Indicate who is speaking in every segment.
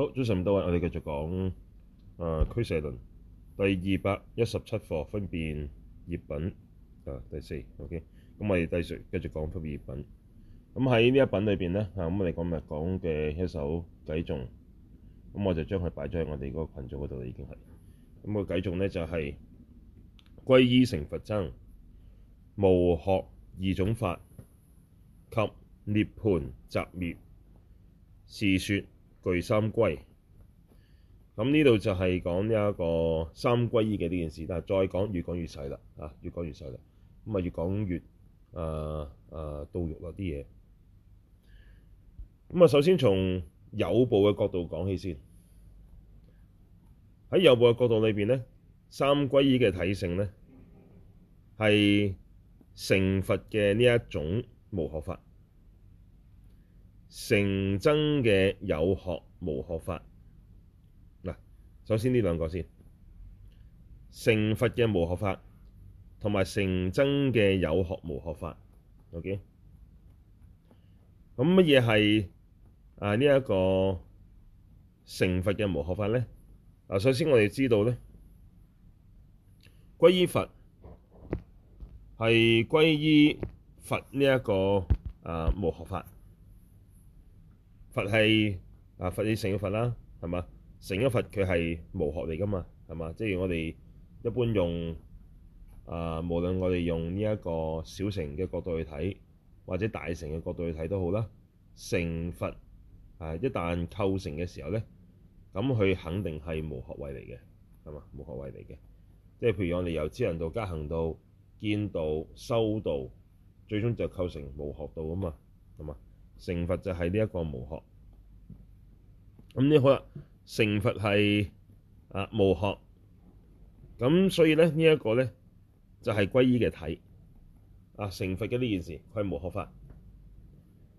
Speaker 1: 好，早晨多位，我哋繼續講誒俱舍論第二百一十七課，分別業品啊，第四 OK、嗯。咁我哋繼續繼續講分別業品。咁喺呢一品裏邊咧，啊咁我哋講咪講嘅一首偈頌，咁、嗯、我就將佢擺咗喺我哋嗰個羣組嗰度啦，已經係。咁個偈頌咧就係、是：皈依成佛僧，無學二種法，及涅槃擇滅是說。具三歸，咁呢度就係講呢一個三歸依嘅呢件事。但係再講越講越細啦，啊，越講越細啦，咁啊越講越誒誒到肉啦啲嘢。咁、呃、啊，呃、首先從有部嘅角度講起先。喺有部嘅角度裏邊咧，三歸依嘅體性咧，係成佛嘅呢一種無學法。成僧嘅有學無學法嗱，首先呢兩個先成佛嘅無學法，同埋成僧嘅有學無學法。OK，咁乜嘢係啊？呢、這、一個成佛嘅無學法咧嗱、啊，首先我哋知道咧，皈依佛係皈依佛呢、這、一個啊無學法。佛係啊，佛你成咗佛啦，係嘛？成咗佛佢係無學嚟噶嘛，係嘛？即係我哋一般用啊、呃，無論我哋用呢一個小乘嘅角度去睇，或者大乘嘅角度去睇都好啦。成佛啊，一旦構成嘅時候咧，咁佢肯定係無學位嚟嘅，係嘛？無學位嚟嘅，即係譬如我哋由資糧道、加行道、見道、修道，最終就構成無學道啊嘛，係嘛？成佛就係呢一個無學咁呢。好啦，成佛係啊無學咁，所以咧，呢一個咧，就係歸依嘅體啊。成佛嘅呢件事，佢係無學法。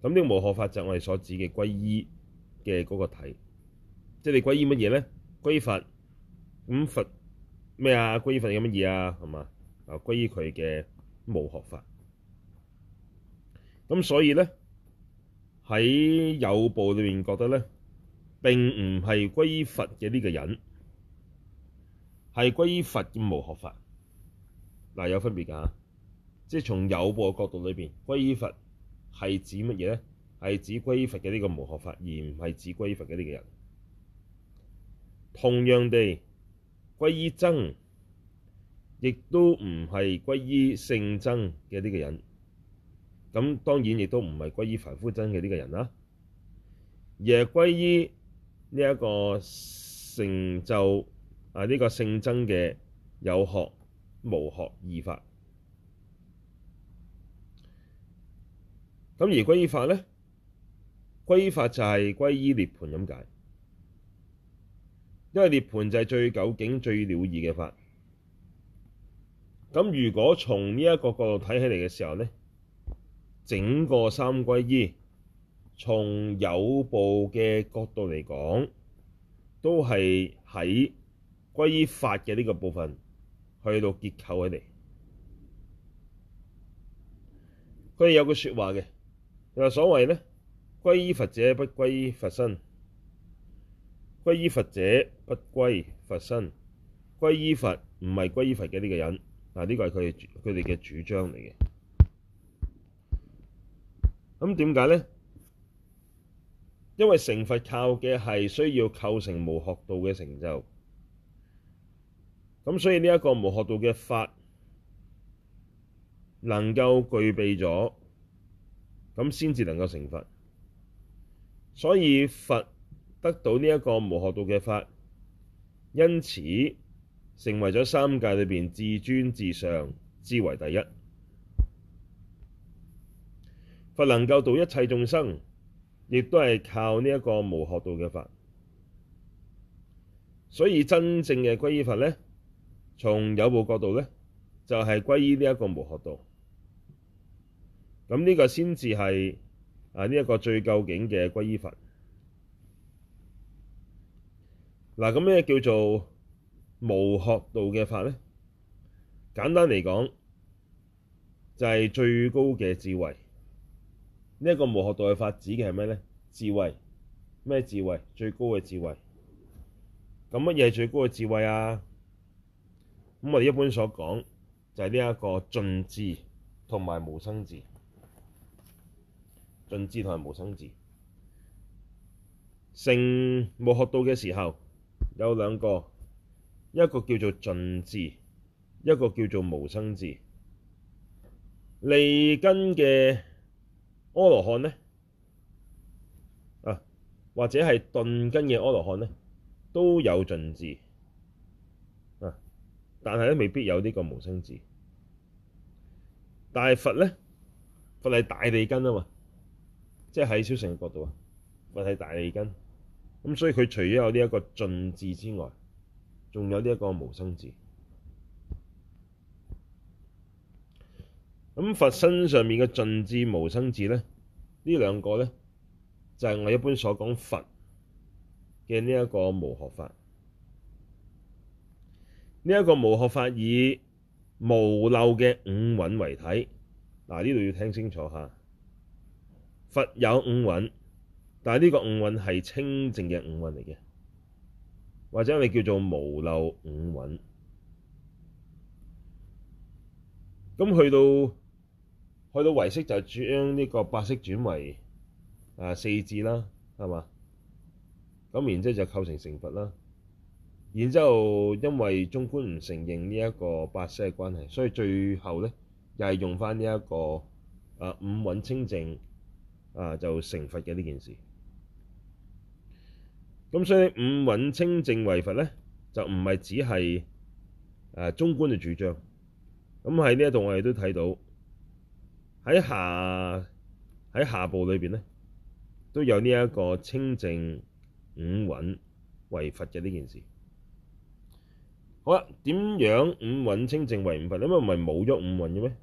Speaker 1: 咁呢個無學法就係我哋所指嘅歸依嘅嗰個體，即係你歸依乜嘢咧？歸佛咁佛咩啊？歸佛有乜嘢啊？係嘛啊？歸依佢嘅無學法咁，所以咧。喺有部裏面覺得咧，並唔係歸依佛嘅呢個人，係歸依佛嘅無學法。嗱，啊，有分別㗎，啊，即係從有部嘅角度裏邊，歸依佛係指乜嘢咧？係指歸佛嘅呢個無學法，而唔係指歸佛嘅呢個人。同樣地，歸依僧亦都唔係歸依聖僧嘅呢個人。咁當然亦都唔係歸依凡夫僧嘅呢個人啦，而係歸依呢一個成就啊呢個聖僧嘅有學無學二法。咁而歸依法咧，歸依法就係歸依涅槃咁解，因為涅槃就係最究竟、最了義嘅法。咁如果從呢一個角度睇起嚟嘅時候咧，整個三歸依，從有部嘅角度嚟講，都係喺歸依法嘅呢個部分去到結構起嚟。佢哋有句説話嘅，你話所謂咧，歸依佛者不歸佛身，歸依佛者不歸佛身，歸依佛唔係歸依佛嘅呢個人啊，呢個係佢哋佢哋嘅主張嚟嘅。咁點解咧？因為成佛靠嘅係需要構成無學道嘅成就，咁所以呢一個無學道嘅法能夠具備咗，咁先至能夠成佛。所以佛得到呢一個無學道嘅法，因此成為咗三界裏邊至尊至上，至為第一。佛能夠度一切眾生，亦都係靠呢一個無學道嘅法。所以真正嘅皈依法呢，從有部角度呢，就係皈依呢一個無學道。咁呢個先至係啊，呢一個最究竟嘅皈依法。嗱，咁咩叫做無學道嘅法呢？簡單嚟講，就係最高嘅智慧。呢一個無學道嘅法指嘅係咩咧？智慧，咩智慧？最高嘅智慧。咁乜嘢係最高嘅智慧啊？咁我哋一般所講就係呢一個盡智同埋無生智。盡智同埋無生智。成無學道嘅時候有兩個，一個叫做盡智，一個叫做無生智。利根嘅。阿羅漢呢，啊，或者係鈍根嘅阿羅漢呢，都有盡智，啊，但係咧未必有呢個無生智。但係佛咧，佛係大利根啊嘛，即係喺小乘嘅角度啊，佛係大利根咁，所以佢除咗有呢一個盡智之外，仲有呢一個無生智。咁佛身上面嘅盡智無生智呢，呢兩個呢，就係，是、我一般所講佛嘅呢一個無學法。呢、這、一個無學法以無漏嘅五蘊為體，嗱呢度要聽清楚下。佛有五蘊，但係呢個五蘊係清淨嘅五蘊嚟嘅，或者我哋叫做無漏五蘊。咁去到。去到唯識就將呢個白色轉為啊、呃、四智啦，係嘛？咁然之後就構成成佛啦。然之後因為中觀唔承認呢一個白色嘅關係，所以最後咧，又係用翻呢一個啊、呃、五蘊清淨啊、呃、就成佛嘅呢件事。咁所以五蘊清淨為佛咧，就唔係只係啊、呃、中觀嘅主張。咁喺呢一度我哋都睇到。喺下喺下部裏邊咧，都有呢一個清淨五蘊為佛嘅呢件事。好啦，點樣五蘊清淨為五佛？因為唔係冇咗五蘊嘅咩？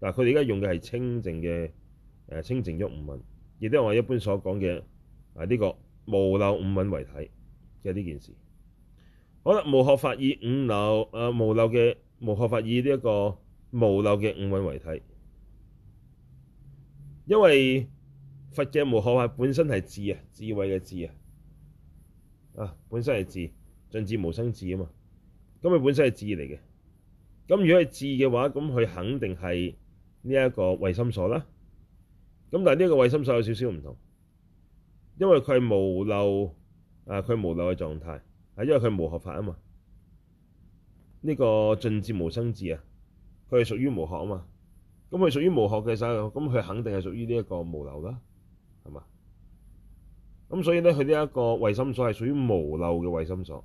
Speaker 1: 嗱，佢哋而家用嘅係清淨嘅誒、啊、清淨咗五蘊，亦都係我一般所講嘅啊呢、這個無漏五蘊為體嘅呢件事。好啦，無學法以五漏誒、啊、無漏嘅、這個、無學法以呢一個無漏嘅五蘊為體。因為佛嘅無學法本身係智啊，智慧嘅智啊，啊，本身係智，盡智無生智啊嘛。咁佢本身係智嚟嘅。咁如果係智嘅話，咁佢肯定係呢一個慧心所啦。咁但係呢一個慧心所有少少唔同，因為佢係無漏啊，佢無漏嘅狀態啊，因為佢係無學法啊嘛。呢、這個盡智無生智啊，佢係屬於無學啊嘛。咁佢屬於無學嘅時候，咁佢肯定係屬於呢一個無漏啦，係嘛？咁所以咧，佢呢一個慧心所係屬於無漏嘅慧心所。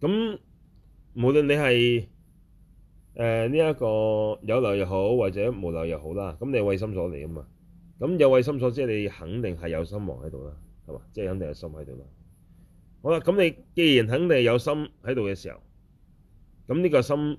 Speaker 1: 咁無論你係誒呢一個有漏又好，或者無漏又好啦，咁你慧心所嚟啊嘛？咁有慧心所，即係你肯定係有心王喺度啦，係嘛？即係肯定有心喺度啦。好啦，咁你既然肯定有心喺度嘅時候，咁呢個心。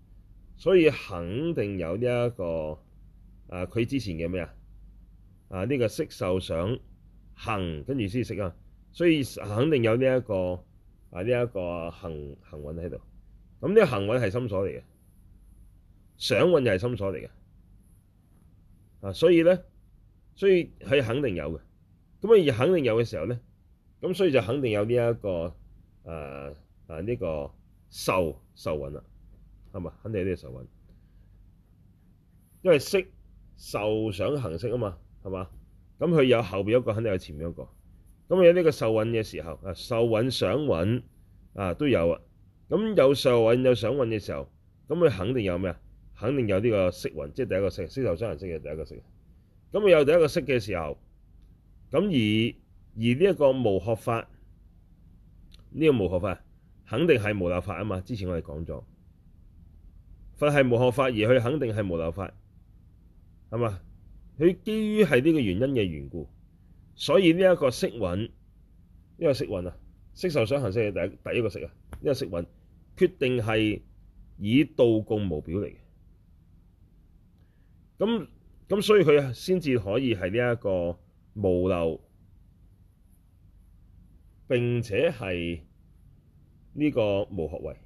Speaker 1: 所以肯定有呢、這、一個啊，佢之前嘅咩啊啊呢、這個色受想行跟住先識啊，所以肯定有呢、這、一個啊呢一、這個行行蘊喺度。咁呢個行蘊係心所嚟嘅，想蘊又係心所嚟嘅啊，所以咧，所以係肯定有嘅。咁啊，亦肯定有嘅時候咧，咁所以就肯定有呢、這、一個誒誒呢個受受蘊啦。係嘛？肯定有呢個受蘊，因為色受想行識啊嘛，係嘛？咁佢有後邊一個，肯定有前面一個。咁有呢個受蘊嘅時候啊，受蘊想蘊啊都有啊。咁有受蘊有想蘊嘅時候，咁佢、啊、肯定有咩啊？肯定有呢個色蘊，即係第一個色，色受想行識嘅第一個色。咁有第一個色嘅時候，咁而而呢一個無學法呢個無學法，這個、無學法肯定係無漏法啊嘛。之前我哋講咗。佢係無學法而佢肯定係無漏法，係嘛？佢基於係呢個原因嘅緣故，所以呢一個色蘊，呢、這個色蘊啊，色受想行識係第第一個色啊，呢、這個色蘊決定係以道共無表嚟嘅。咁咁所以佢先至可以係呢一個無漏並且係呢個無學位。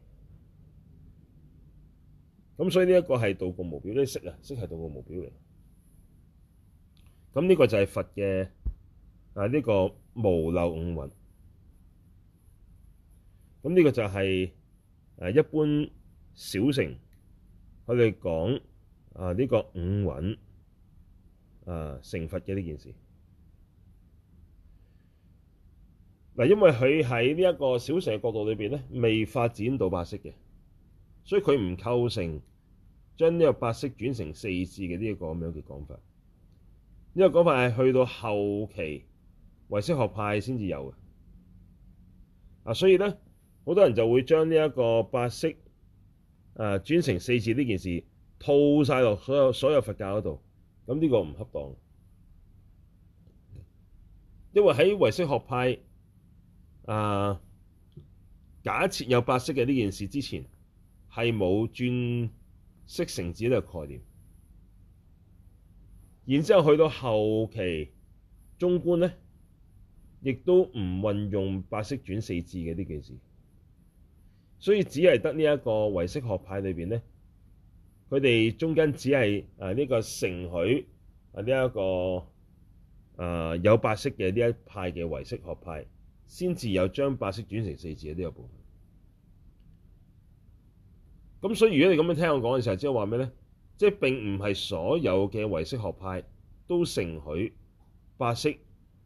Speaker 1: 咁所以呢一個係道共無表，呢色啊，色係道共無表嚟。咁呢個就係佛嘅啊呢個無漏五蘊。咁呢個就係誒一般小乘，佢哋講啊呢、這個五蘊啊成佛嘅呢件事。嗱、啊，因為佢喺呢一個小乘嘅角度裏邊咧，未發展到白色嘅。所以佢唔構成將呢個白色轉成四字嘅呢一個咁樣嘅講法，呢個講法係去到後期唯識學派先至有嘅。啊，所以咧好多人就會將呢一個白色誒、啊、轉成四字呢件事套晒落所有所有佛教嗰度，咁呢個唔恰當。因為喺唯識學派啊，假設有白色嘅呢件事之前。係冇轉色成字呢個概念，然之後去到後期中觀咧，亦都唔運用白色轉四字嘅呢件事。所以只係得呢一個唯識學派裏邊咧，佢哋中間只係啊呢個承許啊呢一個啊有白色嘅呢一派嘅唯識學派，先至有將白色轉成四字嘅呢個部分。咁所以如果你咁樣聽我講嘅時候，即係話咩咧？即係並唔係所有嘅唯識學派都承許八識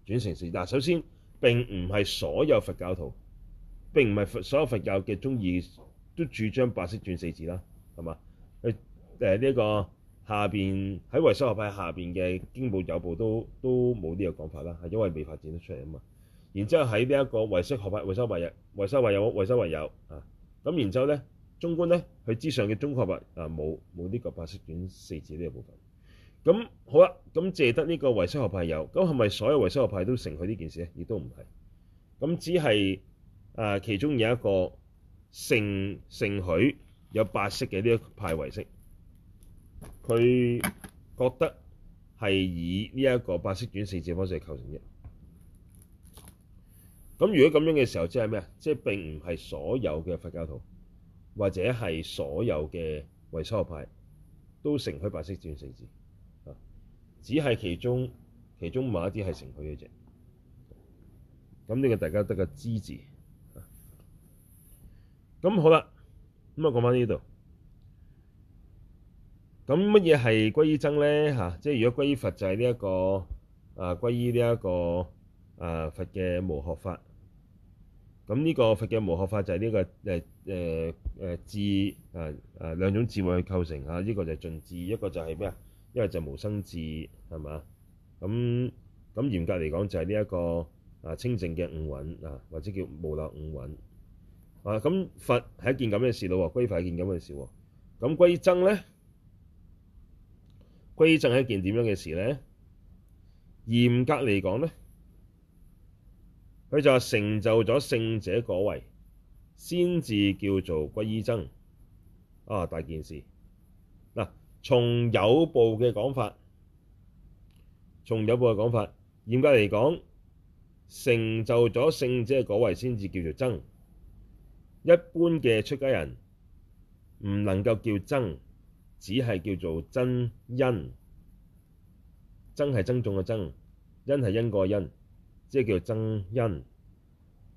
Speaker 1: 轉成四智。但首先並唔係所有佛教徒，並唔係所有佛教嘅宗義都主張八識轉四智啦，係嘛？誒誒呢一個下邊喺唯識學派下邊嘅經部有部都都冇呢個講法啦，係因為未發展得出嚟啊嘛。然之後喺呢一個唯識學派，唯識為日，唯識為有，唯識為有啊。咁然之後咧。中觀咧，佢之上嘅中學派啊，冇冇呢個白色卷四字呢、這個部分。咁好啦，咁借得呢個唯識學派有，咁係咪所有唯識學派都承許呢件事咧？亦都唔係，咁只係誒、呃、其中有一個承承許有白色嘅呢一派唯識，佢覺得係以呢一個白色卷四字方式嚟構成嘅。咁如果咁樣嘅時候，即係咩啊？即係並唔係所有嘅佛教徒。或者係所有嘅唯識學派，派都承許白色字與字啊，只係其中其中某一啲係承許嘅啫。咁、這、呢個大家得個知字咁好啦，咁啊講翻呢度。咁乜嘢係歸依僧咧？嚇，即係如果歸依佛就係呢一個啊，歸依呢一個啊、呃、佛嘅無學法。咁呢個佛嘅無學法就係呢、這個誒。呃誒誒、呃、智啊啊兩種智慧去構成嚇，依、啊、個就係盡智，一個就係咩啊？一個就無生智係嘛？咁咁嚴格嚟講就係呢一個啊清淨嘅五蘊啊，或者叫無漏五蘊啊。咁佛係一件咁嘅事咯，皈佛係一件咁嘅事喎。咁皈僧咧，皈僧係一件點樣嘅事咧？嚴格嚟講咧，佢就成就咗聖者果位。先至叫做皈依僧啊，大件事嗱、啊。從有部嘅講法，從有部嘅講法，嚴格嚟講，成就咗聖者嗰位先至叫做僧。一般嘅出家人唔能夠叫僧，只係叫做僧因。僧係僧眾嘅僧，因係因果嘅因，即係叫做僧因。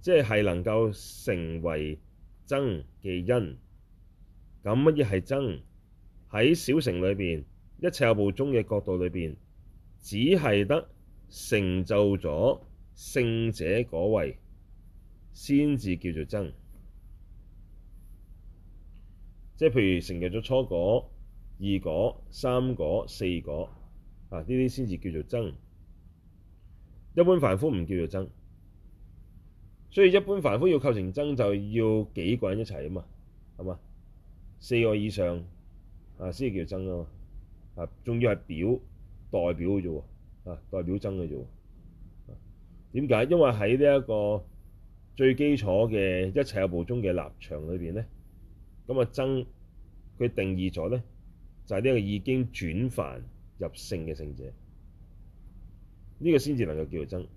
Speaker 1: 即係能夠成為僧嘅因，咁乜嘢係僧？喺小乘裏邊，一切有部宗嘅角度裏邊，只係得成就咗聖者果位先至叫做僧。即係譬如成就咗初果、二果、三果、四果啊，呢啲先至叫做僧。一般凡夫唔叫做僧。所以一般凡夫要構成僧，就要幾個人一齊啊嘛，係嘛？四個以上啊先至叫僧啊嘛，啊仲要係表代表嘅啫喎，啊代表僧嘅啫喎，點解？因為喺呢一個最基礎嘅一切有部中嘅立場裏邊咧，咁啊僧佢定義咗咧就係呢一個已經轉凡入聖嘅聖者，呢、這個先至能夠叫做僧。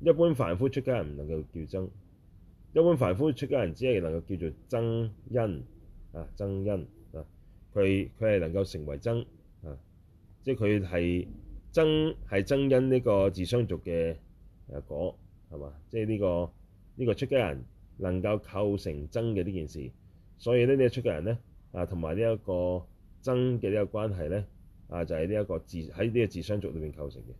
Speaker 1: 一般凡夫出家人唔能夠叫僧，一般凡夫出家人只係能夠叫做僧因。啊，僧因啊，佢佢係能夠成為僧啊，即係佢係僧係僧因呢個自相續嘅啊果係嘛？即係呢個呢個出家人能夠構成僧嘅呢件事，所以咧呢個出家人咧啊同埋呢一個僧嘅呢個關係咧啊就係呢一個自喺呢個自相續裏邊構成嘅。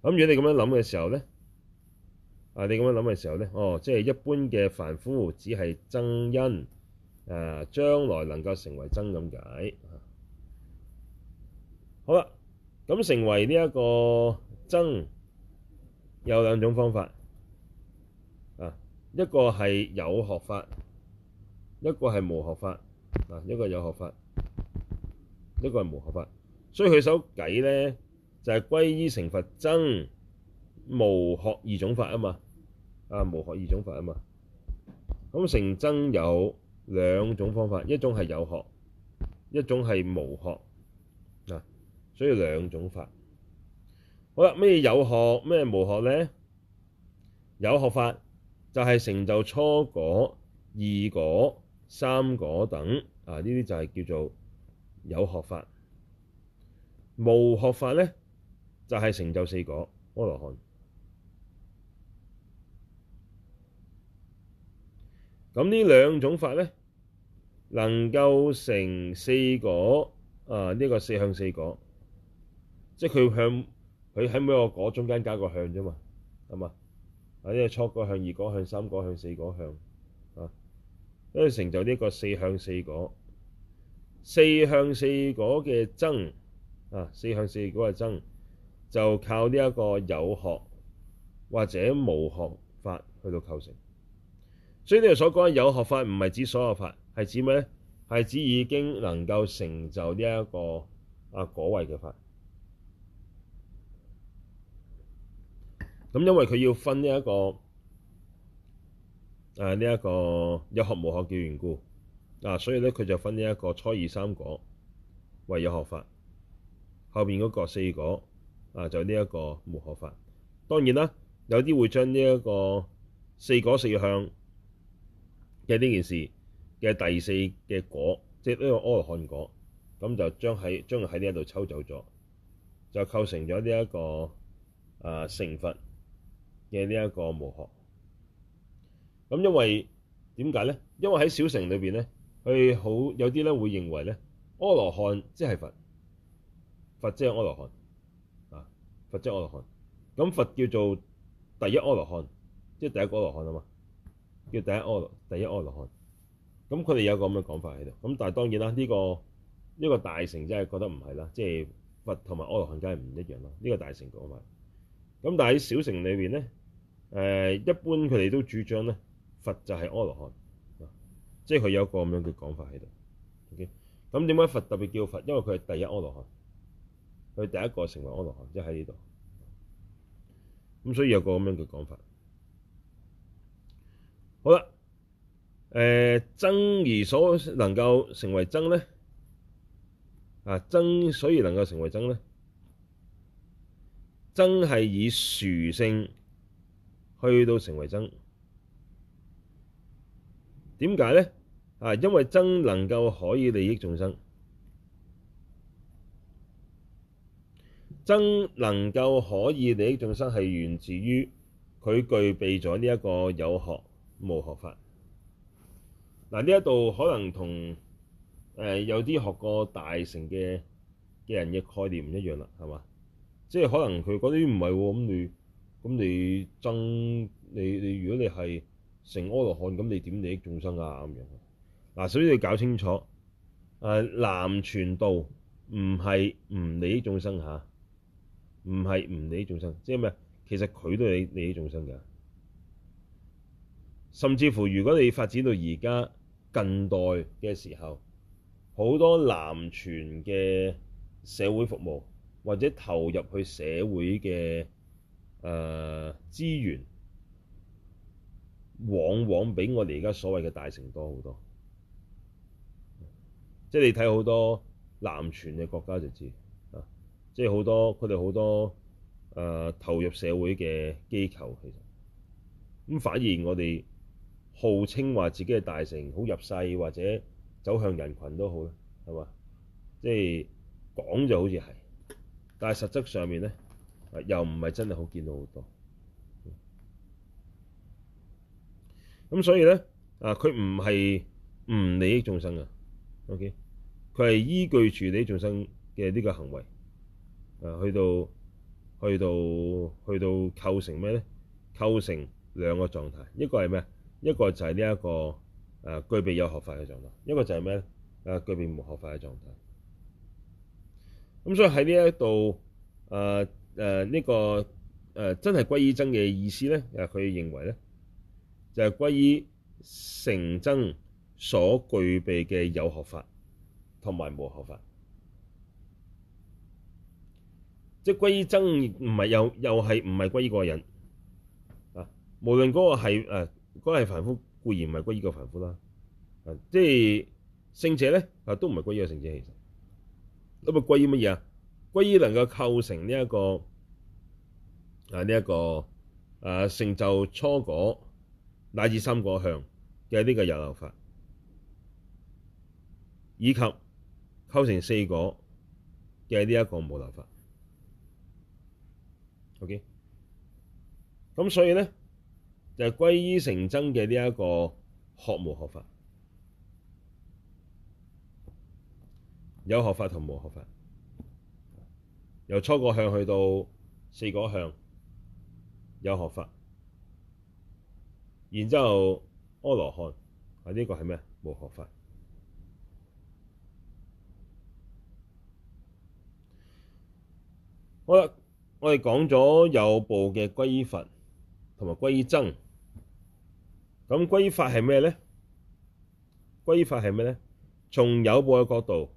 Speaker 1: 咁如果你咁樣諗嘅時候咧，啊，你咁樣諗嘅時候咧，哦，即係一般嘅凡夫只係僧因，啊，將來能夠成為僧咁解。好啦，咁成為呢一個僧有兩種方法，啊，一個係有學法，一個係無學法，啊，一個係有學法，一個係無學法，所以佢首偈咧。就係歸依成佛僧，無學二種法啊嘛，啊無學二種法啊嘛。咁成僧有兩種方法，一種係有學，一種係無學嗱，啊，所以兩種法。好啦，咩有學咩無學咧？有學法就係成就初果、二果、三果等啊，呢啲就係叫做有學法。無學法咧。就係成就四果阿羅漢。咁呢兩種法咧，能夠成四果啊，呢、呢個四向四果，即係佢向佢喺每個果中間加個向啫嘛，係嘛？啊，即、呢、係、個、初果向、二果向、三果向、四果向啊，跟住成就呢個四向四果。四向四果嘅僧啊，四向四果嘅僧。啊四就靠呢一個有學或者無學法去到構成，所以你哋所講有學法唔係指所有法，係指咩咧？係指已經能夠成就呢一個啊果位嘅法。咁因為佢要分呢一個誒呢一個有學無學嘅緣故啊，所以咧佢就分呢一個初二三果為有學法，後邊嗰個四果。啊！就呢一個無學法，當然啦，有啲會將呢一個四果四向嘅呢件事嘅第四嘅果，即係呢個阿羅漢果，咁就將喺將佢喺呢一度抽走咗，就構成咗呢一個啊成佛嘅呢一個無學。咁因為點解咧？因為喺小乘裏邊咧，佢好有啲咧會認為咧，阿羅漢即係佛，佛即係阿羅漢。佛即係阿羅漢，咁佛叫做第一阿羅漢，即係第一個阿羅漢啊嘛，叫第一阿羅第一阿羅漢。咁佢哋有個咁嘅講法喺度，咁但係當然啦，呢個呢個大城真係覺得唔係啦，即係佛同埋阿羅漢梗係唔一樣啦。呢個大城講法，咁但係喺小城裏邊咧，誒一般佢哋都主張咧，佛就係阿羅漢，即係佢有一個咁樣嘅講法喺度。O.K. 咁點解佛特別叫佛？因為佢係第一阿羅漢。佢第一個成為我同行，即喺呢度。咁所以有個咁樣嘅講法。好啦，誒、呃，僧而所能夠成為僧咧，啊僧，所以能夠成為僧咧，僧係以殊勝去到成為僧。點解咧？啊，因為僧能夠可以利益眾生。僧能夠可以利益眾生，係源自於佢具備咗呢一個有學無學法。嗱，呢一度可能同誒、呃、有啲學過大乘嘅嘅人嘅概念唔一樣啦，係嘛？即係可能佢嗰啲唔係喎，咁你咁你僧你你如果你係成阿羅漢咁，你點利益眾生啊？咁樣嗱，首、啊、先你搞清楚誒、啊、南傳道唔係唔利益眾生吓。啊唔係唔理眾生，即係咩？其實佢都係理眾生㗎。甚至乎，如果你發展到而家近代嘅時候，好多南傳嘅社會服務或者投入去社會嘅誒資源，往往比我哋而家所謂嘅大乘多好多。即係你睇好多南傳嘅國家就知。即係好多佢哋好多誒、呃、投入社會嘅機構，其實咁反而我哋號稱話自己係大乘，好入世或者走向人群都好咧，係嘛？即係講就好似係，但係實質上面咧，又唔係真係好見到好多。咁、嗯、所以咧，啊佢唔係唔利益眾生嘅，OK，佢係依據處理眾生嘅呢個行為。誒去到去到去到構成咩咧？構成兩個狀態，一個係咩？一個就係呢一個誒、呃、具備有學法嘅狀態，一個就係咩咧？誒、呃、具備無學法嘅狀態。咁所以喺呢一度誒誒呢個誒、呃、真係歸依僧嘅意思咧，誒佢認為咧就係、是、歸依成僧所具備嘅有學法同埋無學法。即係歸依僧，唔係又又係唔係歸依個人啊！無論嗰個係誒，嗰、啊、凡夫固然唔係歸依個凡夫啦、啊，即係聖者咧，啊都唔係歸依個聖者，其實咁啊，歸依乜嘢啊？歸依能夠構成呢、這、一個啊呢一、這個誒、啊、成就初果乃至三果向嘅呢個有學法，以及構成四果嘅呢一個無學法。OK，咁所以呢，就係歸依成僧嘅呢一個學無學法，有學法同無學法，由初個向去到四個向有學法，然之後阿羅漢啊呢個係咩？無學法。好啦。我哋講咗有部嘅歸佛同埋歸僧，咁歸法係咩咧？歸法係咩咧？從有部嘅角度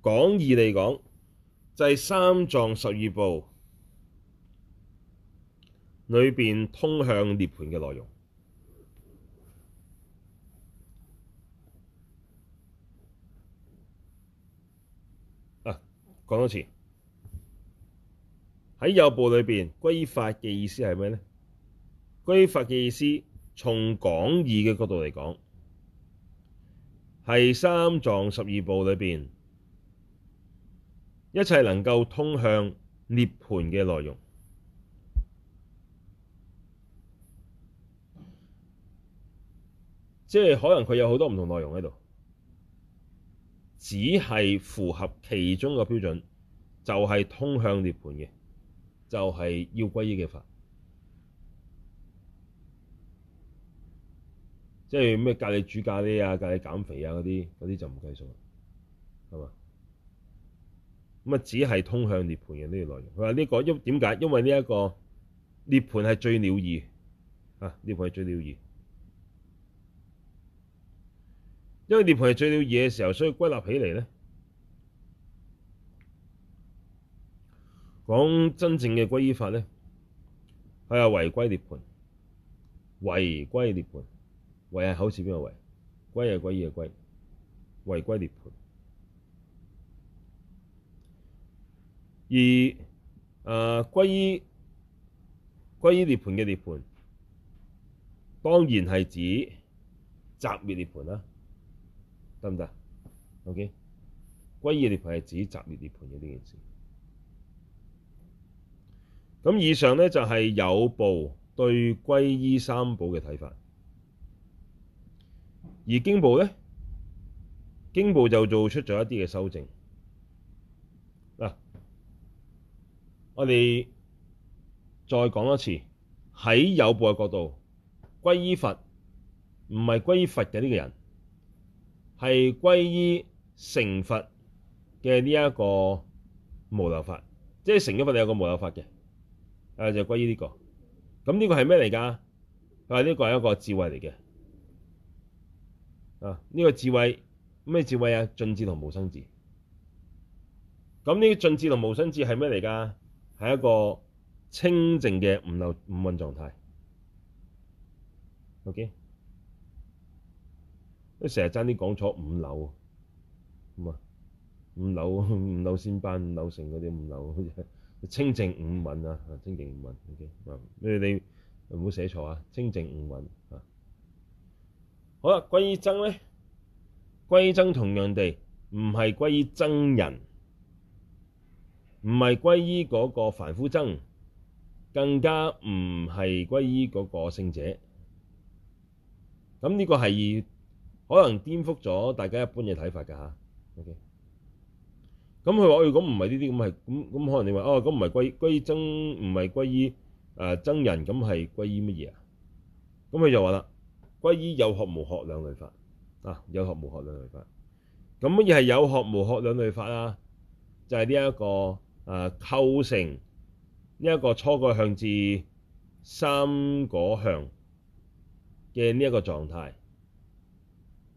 Speaker 1: 廣義嚟講，就係、是、三藏十二部裏邊通向涅槃嘅內容。啊，講多次。喺有部裏邊，歸法嘅意思係咩呢？歸法嘅意思，從廣義嘅角度嚟講，係三藏十二部裏邊，一切能夠通向涅槃嘅內容，即係可能佢有好多唔同內容喺度，只係符合其中嘅標準，就係、是、通向涅槃嘅。就係要歸依嘅法，即係咩教你煮咖喱啊、教你減肥啊嗰啲，嗰啲就唔計數啦，係嘛？咁啊，只係通向涅槃嘅呢個內容。佢話呢個因點解？因為呢一個涅槃係最了義，啊，涅槃係最了義，因為涅槃係最了義嘅時候，所以歸納起嚟咧。講真正嘅歸依法咧，係啊，唯歸涅盤，唯歸涅盤，唯係口字邊個唯，歸係歸依嘅歸，唯歸涅盤。而誒歸、呃、依歸依涅盤嘅涅盤，當然係指擇滅涅盤啦，得唔得？OK，歸依涅盤係指擇滅涅盤呢件事。咁以上咧就係有部對皈依三寶嘅睇法，而經部咧經部就做出咗一啲嘅修正嗱。我哋再講一次喺有部嘅角度，皈依佛唔係皈依佛嘅呢個人，係皈依成佛嘅呢一個無漏法，即係成咗佛你有個無漏法嘅。啊！就歸於呢、這個，咁呢個係咩嚟㗎？啊！呢個係一個智慧嚟嘅，啊！呢、這個智慧咩智慧啊？盡智同無生智。咁呢個盡智同無生智係咩嚟㗎？係、啊、一個清淨嘅無漏五蘊狀態。OK，你成日爭啲講錯五樓，唔係五樓，五樓先班，五樓成嗰啲五樓。呵呵清淨五蘊啊，清淨五蘊，O.K.，你哋唔好寫錯啊，清淨五蘊啊。OK? 好啦，皈依僧呢，皈依僧同樣地唔係皈依僧人，唔係皈依嗰個凡夫僧，更加唔係皈依嗰個聖者。咁呢個係可能顛覆咗大家一般嘅睇法㗎嚇，O.K. 咁佢話，誒，咁唔係呢啲，咁係，咁，咁可能你話，哦，咁唔係歸歸僧，唔係歸於誒僧、呃、人，咁係歸於乜嘢啊？咁佢就話啦，歸於有學無學兩類法，啊，有學無學兩類法。咁乜嘢係有學無學兩類法啊？就係呢一個誒、呃、構成呢一、呢個初果向至三果向嘅呢一個狀態。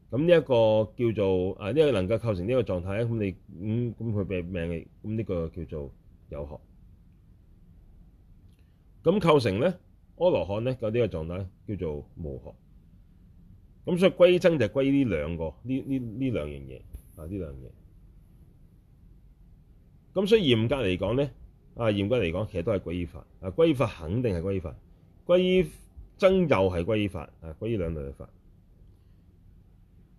Speaker 1: 咁呢一個叫做啊，呢個能夠構成呢個狀態咧，咁你咁咁佢命命嘅，咁呢個叫做有學。咁構成咧，阿羅漢咧嗰啲個狀態叫做無學。咁所以歸僧就係歸呢兩個，呢呢呢兩樣嘢啊，呢兩樣。咁所以嚴格嚟講咧，啊嚴格嚟講其實都係歸依法啊，歸依法肯定係歸依法，歸僧又係歸依法啊，歸依兩類法。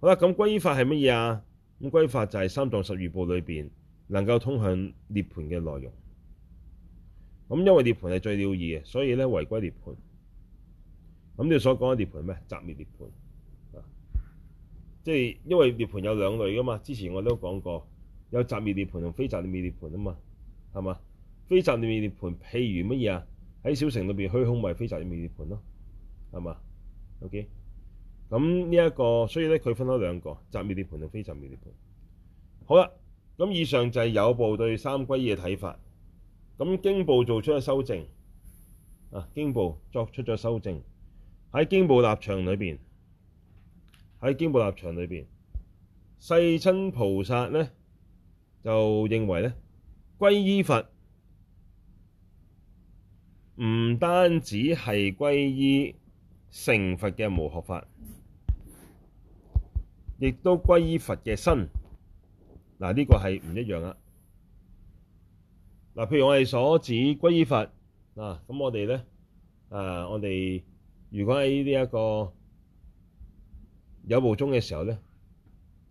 Speaker 1: 好啦，咁歸依法係乜嘢啊？咁歸法就係三藏十二部裏邊能夠通向涅盤嘅內容。咁因為涅盤係最了義嘅，所以咧唯歸涅盤。咁你所講嘅涅盤咩？擇滅涅盤啊，即係因為涅盤有兩類噶嘛。之前我都講過，有擇滅涅盤同非擇滅涅盤啊嘛，係嘛？非擇滅涅盤，譬如乜嘢啊？喺小城裏邊虛空咪非擇滅涅盤咯，係嘛？OK。咁呢一個，所以咧，佢分咗兩個，擇滅涅槃同非擇滅涅槃。好啦，咁以上就係有部對三歸依嘅睇法。咁經部做出咗修正，啊，經部作出咗修正。喺經部立場裏邊，喺經部立場裏邊，世親菩薩咧就認為咧，歸依佛唔單止係歸依成佛嘅無學法。亦都歸依佛嘅身，嗱呢個係唔一樣啦。嗱，譬如我哋所指歸依佛啊，咁我哋咧誒，我哋如果喺呢一個有部中嘅時候咧，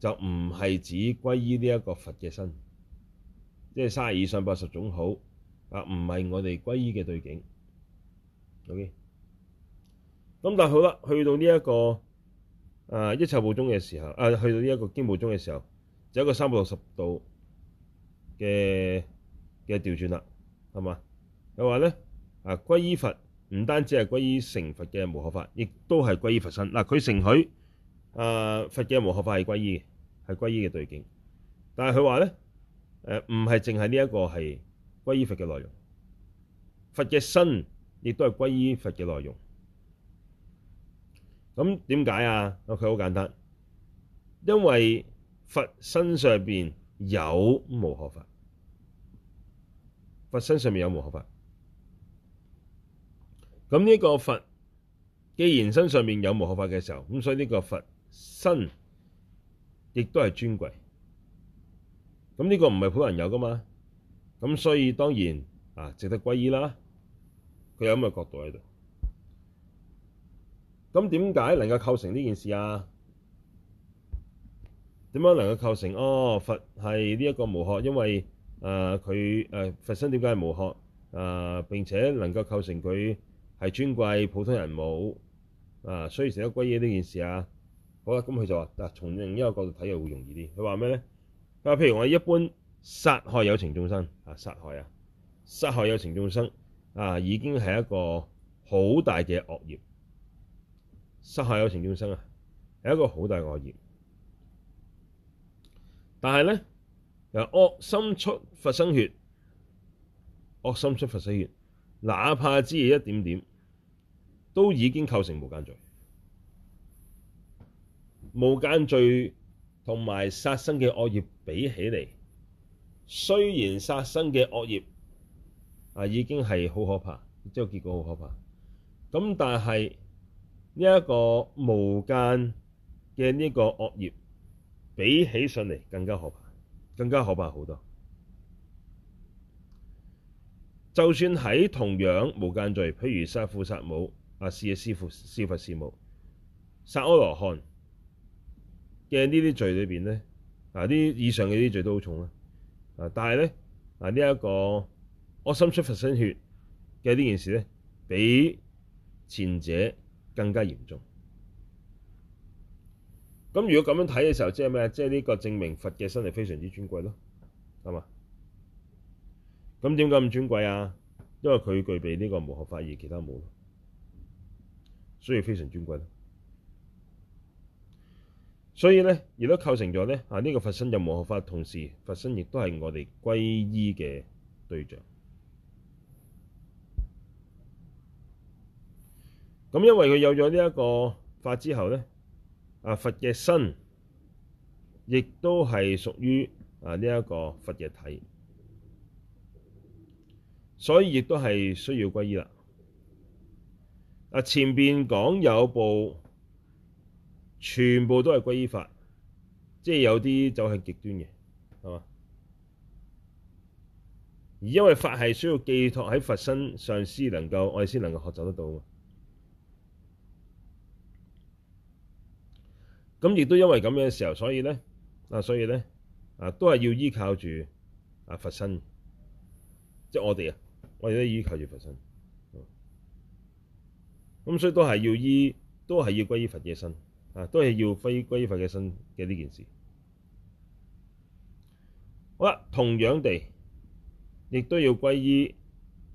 Speaker 1: 就唔係指歸依呢一個佛嘅身，即係三十二相八十種好啊，唔係我哋歸依嘅對境。OK，咁但係好啦，去到呢一個。誒、啊、一切有部宗嘅時候，誒、啊、去到呢一個經部宗嘅時候，就一個三百六十度嘅嘅調轉啦，係嘛？佢話咧，誒、啊、歸依佛唔單止係歸依成佛嘅無學法，亦都係歸依佛身。嗱、啊，佢承許誒、啊、佛嘅無學法係歸依嘅，係歸依嘅對境。但係佢話咧，誒唔係淨係呢一個係歸依佛嘅內容，佛嘅身亦都係歸依佛嘅內容。咁點解啊？佢好簡單，因為佛身上邊有無學法，佛身上面有無學法。咁、這、呢個佛既然身上面有無學法嘅時候，咁所以呢個佛身亦都係尊貴。咁、這、呢個唔係普通人有噶嘛，咁所以當然啊值得皈依啦。佢有咁嘅角度喺度。咁點解能夠構成呢件事啊？點樣能夠構成？哦，佛係呢一個無學，因為誒佢誒佛身點解係無學啊、呃？並且能夠構成佢係尊貴，普通人冇啊，所以成咗歸依呢件事啊！好啦，咁佢就話嗱，從另一個角度睇又會容易啲。佢話咩咧？佢話譬如我一般殺害有情眾生啊，殺害啊，殺害有情眾生啊，已經係一個好大嘅惡業。殺害有情眾生啊，係一個好大惡業。但係咧，又惡心出佛身血，惡心出佛身血，哪怕只係一點點，都已經構成無間罪。無間罪同埋殺生嘅惡業比起嚟，雖然殺生嘅惡業啊已經係好可怕，即係結果好可怕。咁但係，呢一個無間嘅呢一個惡業，比起上嚟更加可怕，更加可怕好多。就算喺同樣無間罪，譬如殺父、殺母、阿師嘅師父、師父師母、殺阿羅漢嘅呢啲罪裏邊咧，啊啲以上嘅啲罪都好重啦。啊，但係咧啊呢一個惡心出佛身血嘅呢件事咧，比前者，更加嚴重。咁如果咁樣睇嘅時候，即係咩？即係呢個證明佛嘅身係非常之尊貴咯，係嘛？咁點解咁尊貴啊？因為佢具備呢個無學法而其他冇，所以非常尊貴咯。所以咧，亦都構成咗咧啊，呢個佛身有無學法，同時佛身亦都係我哋皈依嘅對象。咁因為佢有咗呢一個法之後咧，啊佛嘅身亦都係屬於啊呢一個佛嘅體，所以亦都係需要皈依啦。啊前邊講有部，全部都係皈依法，即係有啲走向極端嘅，係嘛？而因為法係需要寄託喺佛身上司，上能夠我哋先能夠學習得到。咁亦都因為咁樣嘅時候，所以咧啊，所以咧啊，都係要依靠住啊佛身，即係我哋啊，我哋都依靠住佛身。咁、嗯、所以都係要依，都係要歸依佛嘅身啊，都係要歸依歸依佛嘅身嘅呢、啊、件事。好啦，同樣地，亦都要歸依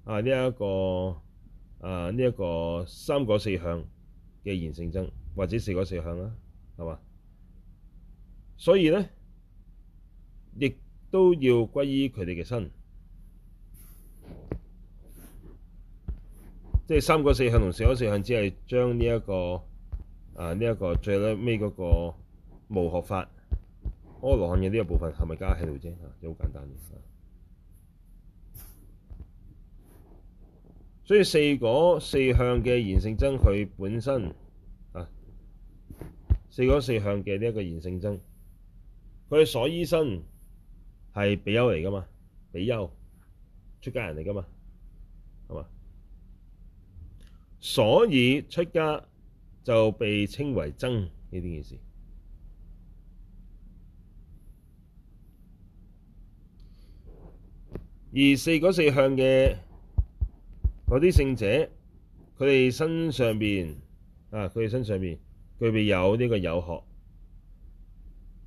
Speaker 1: 啊呢一、這個啊呢一、這個三果四向嘅賢聖僧，或者四果四向啦、啊。所以咧，亦都要皈依佢哋嘅身，即係三個四向同四個四向、這個，只係將呢一個啊呢一、這個最尾嗰個無學法阿羅漢嘅呢個部分係咪加喺度啫？就、啊、好簡單嘅。所以四個四向嘅賢聖僧佢本身。四果四向嘅呢一個賢聖僧，佢所依身係比丘嚟噶嘛？比丘出家人嚟噶嘛？係嘛？所以出家就被稱為僧。呢啲件事。而四果四向嘅嗰啲聖者，佢哋身上邊啊，佢哋身上邊。佢哋有呢個有學，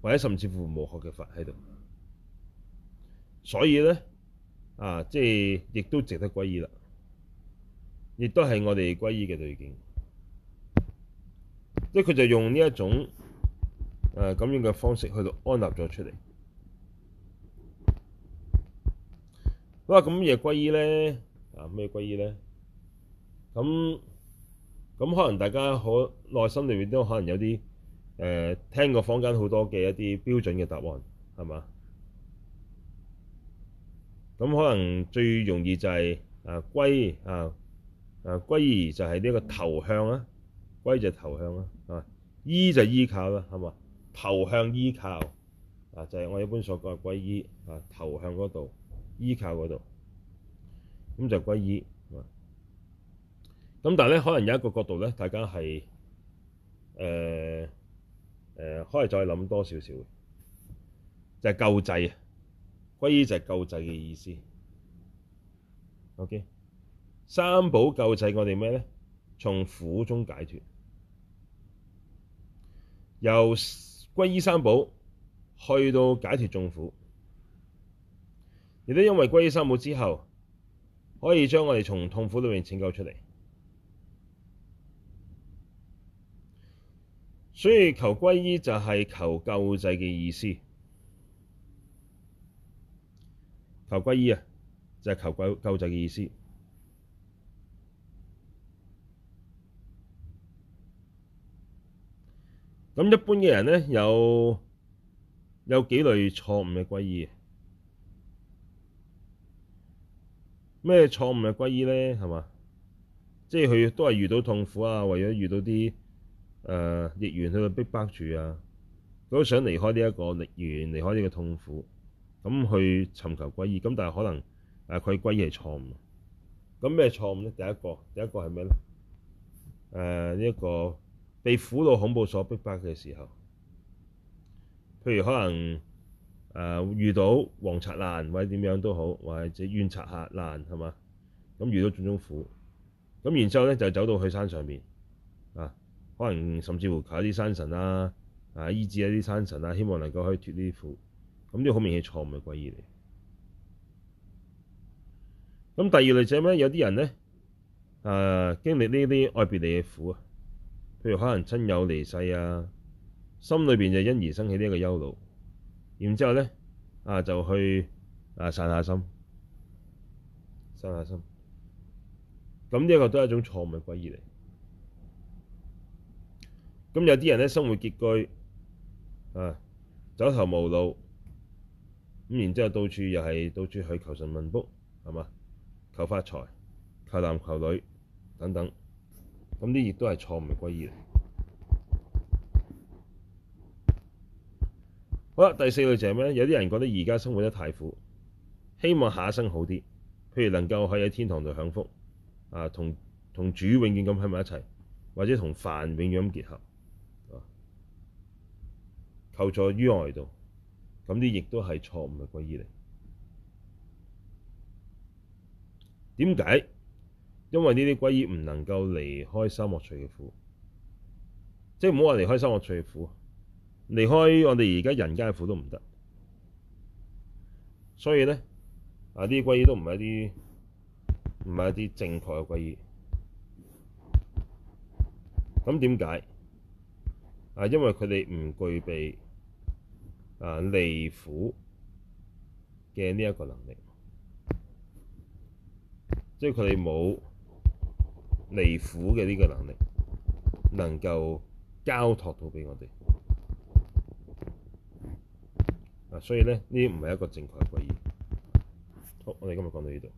Speaker 1: 或者甚至乎無學嘅法喺度，所以咧啊，即係亦都值得歸依啦，亦都係我哋歸依嘅對境。即係佢就用呢一種誒咁、啊、樣嘅方式去到安立咗出嚟。好啊，咁咩嘢歸依咧？啊，咩嘢歸依咧？咁、嗯。咁可能大家好內心裏面都可能有啲誒、呃、聽過坊間好多嘅一啲標準嘅答案，係嘛？咁可能最容易就係、是、誒、啊、歸誒誒歸依就係呢個投向啦，歸就投向啦，係嘛？依就依靠啦，係嘛？投向依靠啊，就係、是、我一般所講嘅歸依啊，投向嗰度，依靠嗰度，咁就歸依。咁但係咧，可能有一個角度咧，大家係誒誒，可以再諗多少少，就係救濟啊。皈依就係救濟嘅意思。OK。三寶救濟我哋咩咧？從苦中解脫，由皈依三寶去到解脫眾苦。亦都因為皈依三寶之後，可以將我哋從痛苦裡面拯救出嚟。所以求皈依就係求救濟嘅意思，求皈依啊，就係求救救濟嘅意思。咁一般嘅人咧，有有幾類錯誤嘅皈依，咩錯誤嘅皈依咧？係嘛，即係佢都係遇到痛苦啊，為咗遇到啲。呃、逆緣去到逼迫住啊，佢都想離開呢一個逆緣，離開呢個痛苦，咁去尋求歸依。咁但係可能誒佢歸依係錯誤。咁咩錯誤咧？第一個，第一個係咩咧？誒呢一個被苦惱恐怖所逼迫嘅時候，譬如可能誒、呃、遇到王賊難或者點樣都好，或者怨賊客難係嘛？咁遇到種種苦，咁然之後咧就走到去山上面。可能甚至乎求一啲山神啦、啊，啊，醫治一啲山神啦、啊，希望能夠可以脫呢啲苦，咁呢個好明顯係錯誤嘅皈依嚟。咁第二類就係咩？有啲人咧，啊，經歷呢啲愛別離嘅苦啊，譬如可能親友離世啊，心裏邊就因而生起呢一個憂惱，然之後咧，啊，就去啊散下心，散下心，咁呢一個都係一種錯誤嘅皈依嚟。咁有啲人咧，生活拮據，啊，走投無路，咁然之後到處又係到處去求神問卜，係嘛？求發財、求男求女等等，咁呢啲亦都係錯誤嘅歸依嚟。好啦，第四類就係咩咧？有啲人覺得而家生活得太苦，希望下一生好啲，譬如能夠可以喺天堂度享福，啊，同同主永遠咁喺埋一齊，或者同梵永遠咁結合。求助於外道，咁啲亦都係錯誤嘅皈依嚟。點解？因為呢啲皈依唔能夠離開三惡趣嘅苦，即係唔好話離開三惡趣嘅苦，離開我哋而家人間嘅苦都唔得。所以咧，啊，呢啲皈依都唔係一啲唔係一啲正確嘅皈依。咁點解？啊，因為佢哋唔具備。啊！離苦嘅呢一個能力，即係佢哋冇利苦嘅呢個能力，能夠交託到俾我哋。啊，所以咧，呢啲唔係一個正確嘅歸依。好，我哋今日講到呢度。